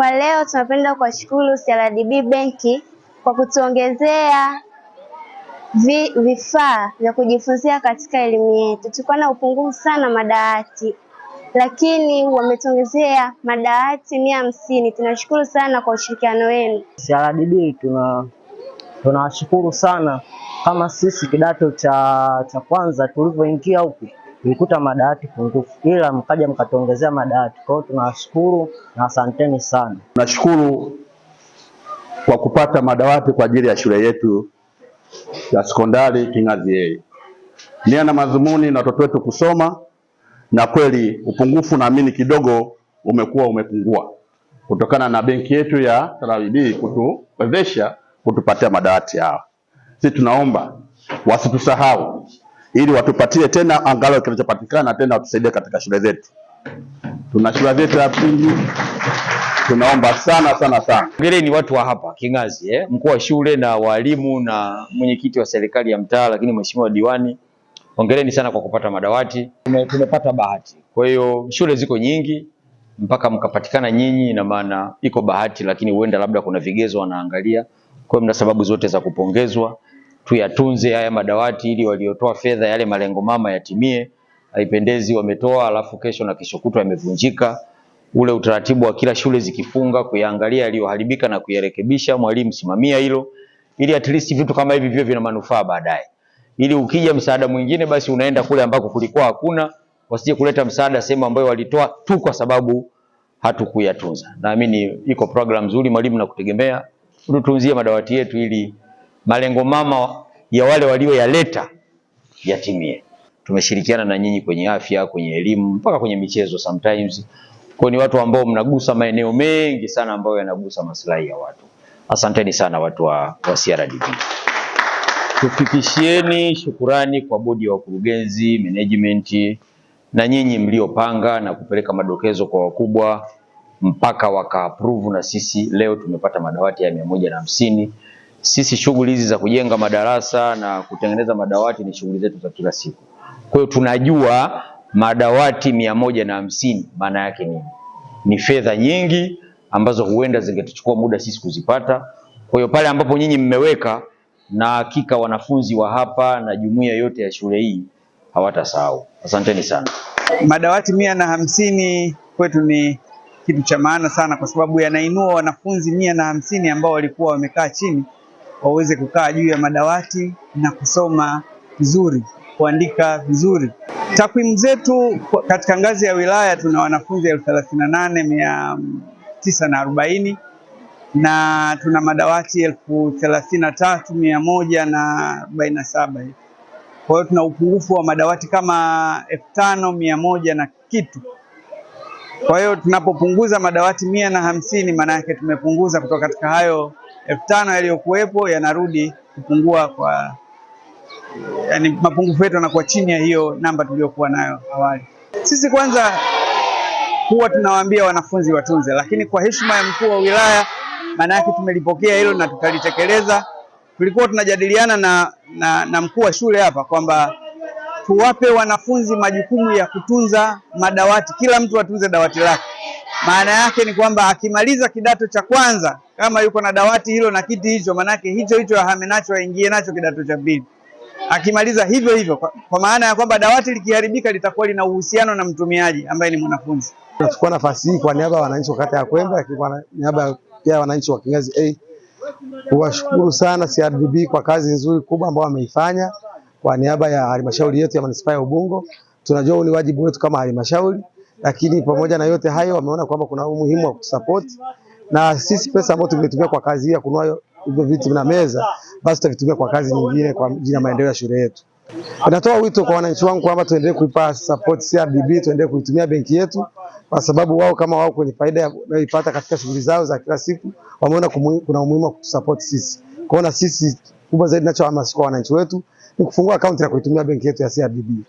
Kwa leo tunapenda kuwashukuru CRDB benki kwa kutuongezea vi, vifaa vya kujifunzia katika elimu yetu. Tulikuwa na upungufu sana madawati, lakini wametuongezea madawati mia hamsini. Tunashukuru sana kwa ushirikiano wenu CRDB, tuna tunawashukuru sana. Kama sisi kidato cha cha kwanza tulivyoingia huku tulikuta madawati pungufu, ila mkaja mkatuongezea madawati. Kwa hiyo tunawashukuru na asanteni sana. nashukuru kwa kupata madawati kwa ajili ya shule yetu ya sekondari King'azi. Nia na madhumuni na watoto wetu kusoma, na kweli upungufu naamini kidogo umekuwa umepungua kutokana na benki yetu ya CRDB kutuwezesha kutupatia madawati hayo. Sisi tunaomba wasitusahau ili watupatie tena angalau kinachopatikana tena, watusaidie katika shule zetu. Tuna shule zetu ya msingi, tunaomba sana sana sana. Hongereni watu wa hapa King'azi eh? Mkuu wa shule na walimu na mwenyekiti wa serikali ya mtaa, lakini mheshimiwa diwani, ongereni sana kwa kupata madawati. Tumepata bahati, kwa hiyo shule ziko nyingi mpaka mkapatikana nyinyi, ina maana iko bahati, lakini huenda labda kuna vigezo wanaangalia. Kwa hiyo mna sababu zote za kupongezwa tuyatunze haya madawati ili waliotoa fedha yale malengo mama yatimie. Haipendezi wametoa alafu kesho na kesho kutwa yamevunjika. Ule utaratibu wa kila shule zikifunga kuyaangalia yaliyoharibika na kuyarekebisha, mwalimu simamia hilo, ili at least vitu kama hivi vio vina manufaa baadaye, ili ukija msaada mwingine basi unaenda kule ambako kulikuwa hakuna, wasije kuleta msaada sehemu ambayo walitoa tu kwa sababu hatukuyatunza. Naamini iko program nzuri, mwalimu, na kutegemea ututunzie madawati yetu ili malengo mama ya wale walioyaleta yatimie. Tumeshirikiana na nyinyi kwenye afya, kwenye elimu, mpaka kwenye michezo sometimes. Kwa ni watu ambao mnagusa maeneo mengi sana ambayo yanagusa maslahi ya watu. Asanteni sana watu wa, wa CRDB. Tufikishieni shukurani kwa bodi ya wakurugenzi, management na nyinyi mliopanga na kupeleka madokezo kwa wakubwa mpaka waka approve, na sisi leo tumepata madawati ya mia moja na hamsini sisi shughuli hizi za kujenga madarasa na kutengeneza madawati ni shughuli zetu za kila siku. Kwa hiyo tunajua madawati mia moja na hamsini maana yake nini? Ni fedha nyingi ambazo huenda zingetuchukua muda sisi kuzipata. Kwa hiyo pale ambapo nyinyi mmeweka, na hakika wanafunzi wa hapa na jumuiya yote ya shule hii hawatasahau. Asanteni sana. Madawati mia na hamsini kwetu ni kitu cha maana sana, kwa sababu yanainua wanafunzi mia na hamsini ambao walikuwa wamekaa chini waweze kukaa juu ya madawati na kusoma vizuri, kuandika vizuri. Takwimu zetu katika ngazi ya wilaya tuna wanafunzi elfu thelathini na nane mia tisa na arobaini na tuna madawati elfu thelathini na tatu mia moja na arobaini na saba Kwa hiyo tuna upungufu wa madawati kama elfu tano mia moja na kitu. Kwa hiyo tunapopunguza madawati mia na hamsini maana yake tumepunguza kutoka katika hayo elfu tano yaliyokuwepo yanarudi kupungua kwa yani, mapungufu yetu yanakuwa chini ya hiyo namba tuliyokuwa nayo awali. Sisi kwanza huwa tunawaambia wanafunzi watunze, lakini kwa heshima ya mkuu wa wilaya, maana yake tumelipokea hilo na tutalitekeleza. Tulikuwa tunajadiliana na, na, na mkuu wa shule hapa kwamba tuwape wanafunzi majukumu ya kutunza madawati, kila mtu atunze dawati lake. Maana yake ni kwamba akimaliza kidato cha kwanza kama yuko na dawati hilo na kiti hicho, manake hicho hicho ahame nacho, aingie nacho kidato cha pili. Akimaliza hivyo hivyo, kwa, kwa maana ya kwamba dawati likiharibika litakuwa lina uhusiano na mtumiaji ambaye ni mwanafunzi. Nachukua nafasi hii kwa niaba ya wananchi wa kata ya Kwembe, kwa niaba ya wananchi wa Kingazi A kuwashukuru sana CRDB kwa kazi nzuri kubwa ambayo wameifanya kwa niaba ya halmashauri yetu ya manispaa ya Ubungo. Tunajua ni wajibu wetu kama halmashauri, lakini pamoja na yote hayo wameona kwamba kuna umuhimu wa kutusapoti na sisi pesa ambayo tumetumia kwa kazi ya kununua hivyo viti na meza, basi tutavitumia kwa kazi nyingine kwa ajili ya maendeleo ya shule yetu. Natoa wito kwa wananchi wangu kwamba tuendelee kuipa support CRDB, tuendelee kuitumia benki yetu, kwa sababu wao kama wao kwenye faida wanayoipata katika shughuli zao za kila siku wameona kuna umuhimu wa kutusupport sisi. Kwa hiyo na sisi kubwa zaidi tunachohamasisha kwa wananchi wetu ni kufungua akaunti na kuitumia benki yetu ya CRDB.